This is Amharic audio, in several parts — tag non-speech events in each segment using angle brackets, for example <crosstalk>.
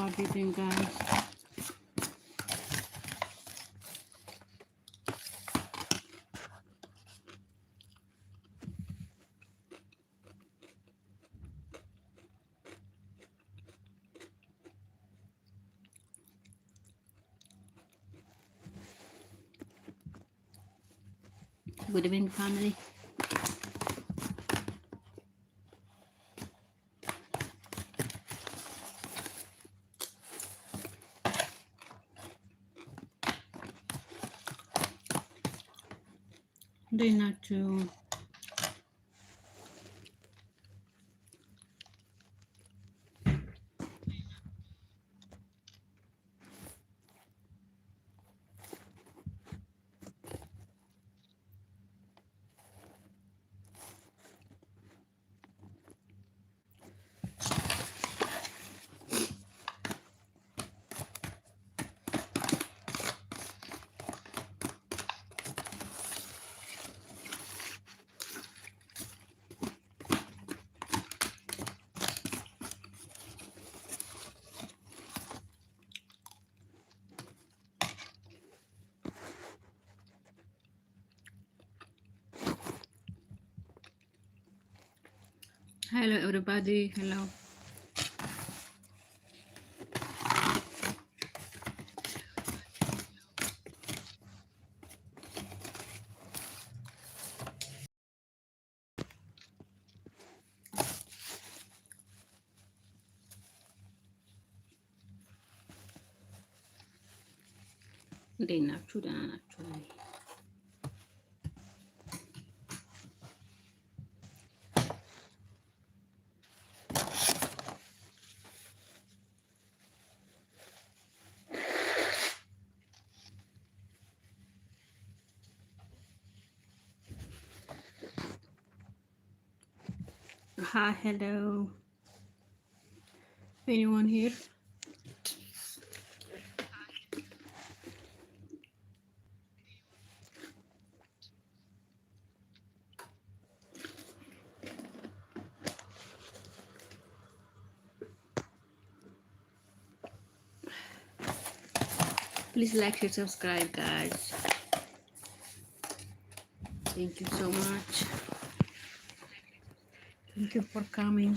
mga bibing guys. Good evening family. እንዴት ናችሁ? Hello, everybody. Hello. እንዴት ናችሁ? ደህና Hi, hello. Anyone here? please like and subscribe guys thank you so much Thank you for coming.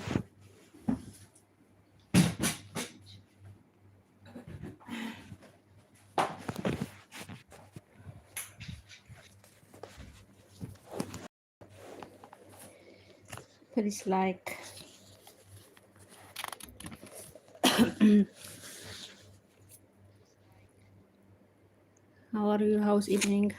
Please like. <coughs> How are you? How's evening?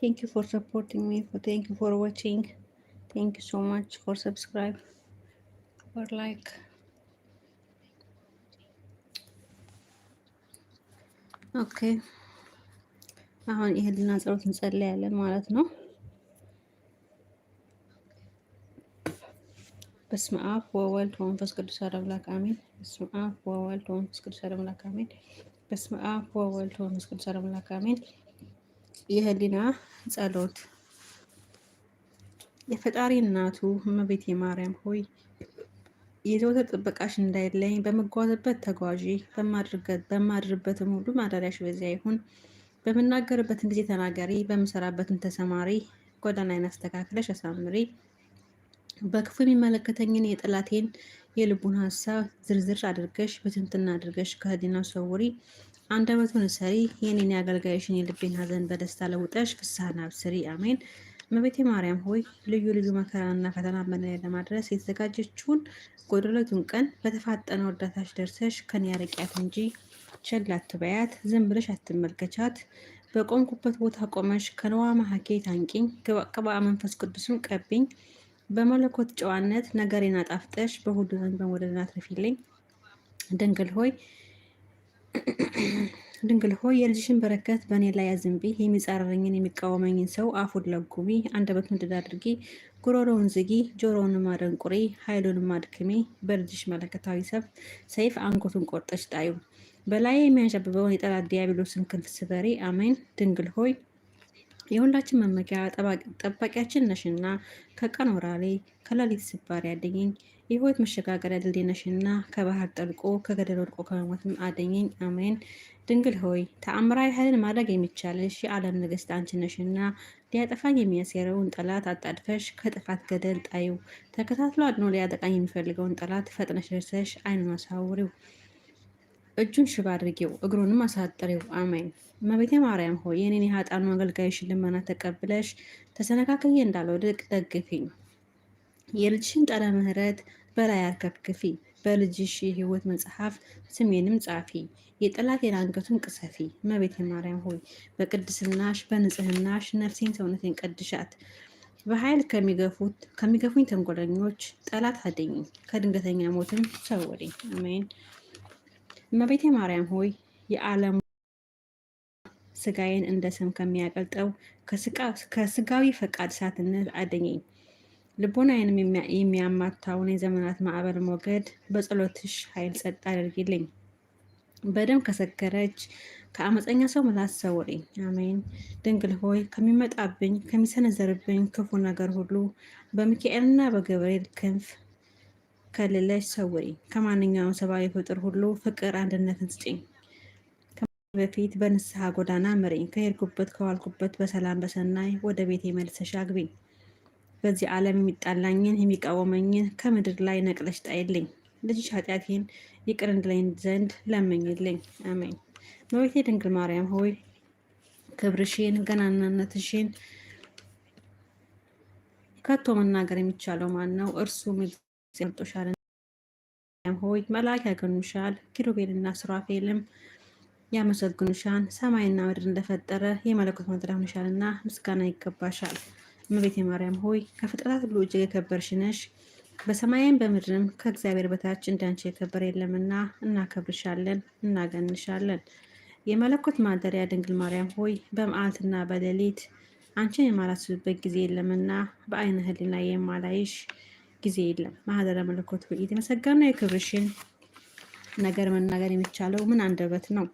thank you for supporting me for thank you for watching thank you so much for subscribe for like ኦኬ አሁን የህልና ጸሎት እንጸለያለን ማለት ነው። በስመ አብ ወወልድ ወመንፈስ ቅዱስ አሐዱ አምላክ አሜን። በስመ አብ ወወልድ ወመንፈስ ቅዱስ አሐዱ አምላክ አሜን። በስመ አብ ወወልድ ወመንፈስ ቅዱስ አሐዱ አምላክ አሜን። የህሊና ጸሎት የፈጣሪ እናቱ እመቤቴ ማርያም ሆይ የዘወትር ጥበቃሽ እንዳይለኝ በመጓዝበት ተጓዢ በማድርበትም ሁሉ ማደሪያሽ በዚያ ይሁን። በምናገርበትን ጊዜ ተናገሪ፣ በምሰራበትን ተሰማሪ፣ ጎዳናዬን አስተካክለሽ አሳምሪ። በክፉ የሚመለከተኝን የጠላቴን የልቡን ሀሳብ ዝርዝር አድርገሽ በትንትና አድርገሽ ከህሊናው ሰውሪ። አንደበቱን ሰሪ የኔን የአገልጋዮሽን የልቤን ሐዘን በደስታ ለውጠሽ ፍስሐን አብስሪ። አሜን። እመቤቴ ማርያም ሆይ ልዩ ልዩ መከራና ፈተና በእኔ ለማድረስ የተዘጋጀችውን ጎደሎቱን ቀን በተፋጠነ ወዳታች ደርሰሽ ከኔ ያርቂያት እንጂ ቸል አትበያት፣ ዝም ብለሽ አትመልከቻት። በቆምኩበት ቦታ ቆመሽ ከንዋ መሀኬ ታንቂኝ፣ ቅባ መንፈስ ቅዱስም ቀብኝ። በመለኮት ጨዋነት ነገሬን አጣፍጠሽ በሁሉ ዘንድ ትርፊልኝ። ድንግል ሆይ ድንግል ሆይ የልጅሽን በረከት በእኔ ላይ አዝንቢ። የሚጻረረኝን የሚቃወመኝን ሰው አፉን ለጉሚ፣ አንደበቱን ምድድ አድርጊ፣ ጉሮሮውን ዝጊ፣ ጆሮውንም ማደንቁሪ፣ ኃይሉንም ማድክሜ በልጅሽ መለከታዊ ሰይፍ አንገቱን ቆርጠሽ ጣዩ። በላይ የሚያንዣብበውን የጠላት ዲያብሎስን ክንፍ ስበሪ። አሜን። ድንግል ሆይ የሁላችን መመኪያ ጠባቂያችን ነሽና ከቀን ወራሌ ከሌሊት ስባሪ ያደኘኝ የህይወት መሸጋገሪያ ድልድይ ነሽና ከባህር ጠልቆ ከገደል ወድቆ ከመሞትም አደኘኝ አሜን። ድንግል ሆይ ተአምራዊ ኃይልን ማድረግ የሚቻልሽ የዓለም ንግስት አንቺ ነሽና ሊያጠፋኝ የሚያሴረውን ጠላት አጣድፈሽ ከጥፋት ገደል ጣዩ። ተከታትሎ አድኖ ሊያጠቃኝ የሚፈልገውን ጠላት ፈጥነሽ ደርሰሽ አይኑን አሳውሪው፣ እጁን ሽባ አድርጌው እግሩንም አሳጥሪው። አሜን። እመቤቴ ማርያም ሆይ የኔን የሀጣኑ አገልጋይሽ ልመና ተቀብለሽ ተሰነካከዬ እንዳልወድቅ ደግፊኝ። የልጅሽን ጣለ ምህረት በላይ አርከፍክፊ በልጅሽ የህይወት መጽሐፍ ስሜንም ጻፊ። የጠላቴን አንገቱን ቅሰፊ። እመቤቴ ማርያም ሆይ በቅድስናሽ በንጽህናሽ ነፍሴን ሰውነቴን ቀድሻት። በኃይል ከሚገፉት ከሚገፉኝ ተንጎለኞች ጠላት አደኝ፣ ከድንገተኛ ሞትም ሰወረኝ። አሜን። እመቤቴ ማርያም ሆይ የዓለም ስጋዬን እንደ ሰም ከሚያቀልጠው ከስጋዊ ፈቃድ እሳትነት አደኘኝ። ልቦናዬን የሚያማታውን የዘመናት ማዕበል ሞገድ በጸሎትሽ ኃይል ጸጥ አድርጊልኝ። በደም ከሰከረች ከአመፀኛ ሰው ምላስ ሰውሪኝ። አሜን። ድንግል ሆይ ከሚመጣብኝ ከሚሰነዘርብኝ ክፉ ነገር ሁሉ በሚካኤልና በገብርኤል ክንፍ ከልለሽ ሰውሪ። ከማንኛውም ሰብአዊ ፍጡር ሁሉ ፍቅር፣ አንድነትን ስጪኝ። በፊት በንስሐ ጎዳና ምሪኝ። ከሄድኩበት ከዋልኩበት በሰላም በሰናይ ወደ ቤት የመልሰሻ አግቢኝ። በዚህ ዓለም የሚጣላኝን የሚቃወመኝን ከምድር ላይ ነቅለሽ ጣይልኝ። ልጅሽ ኃጢአቴን ይቅር እንድለኝ ዘንድ ለምኝልኝ። አሜን። መቤቴ ድንግል ማርያም ሆይ ክብርሽን፣ ገናናነትሽን ከቶ መናገር የሚቻለው ማን ነው? እርሱ ምልጦሻል ሆይ መልአክ ያገኑሻል፣ ኪሩቤልና ሱራፌልም ያመሰግኑሻል። ሰማይና ምድር እንደፈጠረ የመለኮት መድረክ ሆነሻልና ምስጋና ይገባሻል። እመቤቴ ማርያም ሆይ ከፍጥረታት ሁሉ እጅግ የከበርሽ ነሽ። በሰማይም በምድርም ከእግዚአብሔር በታች እንዳንቺ የከበር የለምና እናከብርሻለን፣ እናገንሻለን። የመለኮት ማደሪያ ድንግል ማርያም ሆይ በመዓልትና በሌሊት አንቺን የማላስብበት ጊዜ የለምና በአይነ ህሊና የማላይሽ ጊዜ የለም። ማህደረ መለኮት ሆይ የተመሰገነ የክብርሽን ነገር መናገር የሚቻለው ምን አንደበት ነው?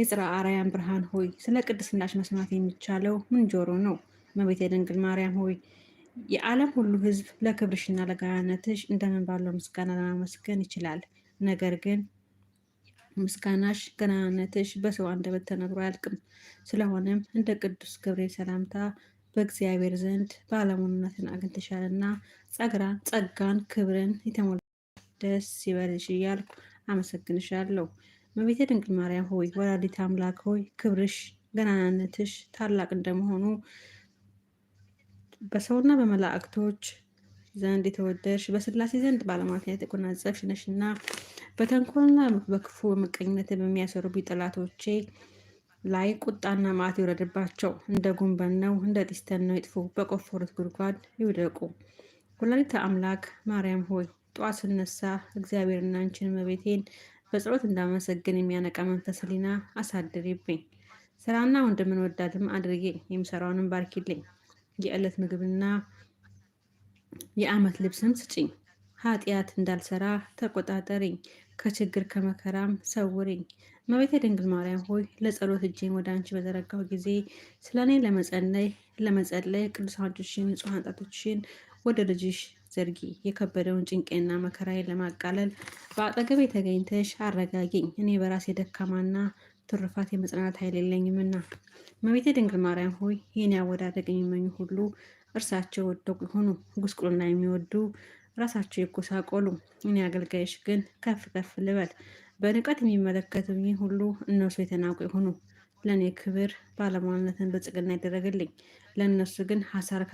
የጽራ አርያም ብርሃን ሆይ ስለ ቅድስናሽ መስማት የሚቻለው ምን ጆሮ ነው? እመቤቴ ድንግል ማርያም ሆይ የዓለም ሁሉ ሕዝብ ለክብርሽና ለጋራነትሽ እንደምን ባለው ምስጋና ለማመስገን ይችላል። ነገር ግን ምስጋናሽ ገናነትሽ በሰው አንደበት ተነግሮ አያልቅም። ስለሆነም እንደ ቅዱስ ገብርኤል ሰላምታ በእግዚአብሔር ዘንድ ባለሙሉነትን አግኝተሻልና ጸጋን፣ ክብርን የተሞላ ደስ ይበልሽ እያልኩ አመሰግንሻለሁ። እመቤቴ ድንግል ማርያም ሆይ ወላዲተ አምላክ ሆይ ክብርሽ ገናነትሽ ታላቅ እንደመሆኑ በሰውና በመላእክቶች ዘንድ የተወደድሽ በስላሴ ዘንድ ባለሟልነት የተጎናጸፍሽ ነሽና በተንኮልና በክፉ ምቀኝነት በሚያሰሩብኝ ጠላቶቼ ላይ ቁጣና ማት ይውረድባቸው። እንደ ጉንበን ነው፣ እንደ ጢስተን ነው ይጥፉ፣ በቆፈሩት ጉድጓድ ይውደቁ። ወላዲተ አምላክ ማርያም ሆይ ጠዋት ስነሳ እግዚአብሔርና አንቺን መቤቴን በጸሎት እንዳመሰግን የሚያነቃ መንፈስ ሕሊና አሳድሪብኝ። ስራና ወንድምን ወዳድም አድርጌ የሚሰራውንም ባርኪልኝ። የዕለት ምግብና የዓመት ልብስም ስጭኝ። ኃጢአት እንዳልሰራ ተቆጣጠሪኝ፣ ከችግር ከመከራም ሰውሪኝ። እመቤቴ ድንግል ማርያም ሆይ ለጸሎት እጄን ወደ አንቺ በዘረጋው ጊዜ ስለ እኔ ለመጸለይ ለመጸለይ ቅዱሳን እጆችሽን ንጹሐን ጣቶችሽን ወደ ልጅሽ ዘርጊ። የከበደውን ጭንቄና መከራዬን ለማቃለል በአጠገቤ ተገኝተሽ አረጋጊኝ። እኔ በራሴ ደካማና ትሩፋት የመጽናት ኃይል የለኝምና እመቤቴ ድንግል ማርያም ሆይ ይህን አወዳደቅ የሚመኙ ሁሉ እርሳቸው ወደቁ ይሆኑ። ጉስቁልና የሚወዱ ራሳቸው ይጎሳቆሉ። እኔ አገልጋይሽ ግን ከፍ ከፍ ልበል። በንቀት የሚመለከቱኝ ሁሉ እነርሱ የተናቁ ይሆኑ። ለእኔ ክብር ባለሟልነትን ብልጽግና ይደረግልኝ ለእነሱ ግን ሀሳር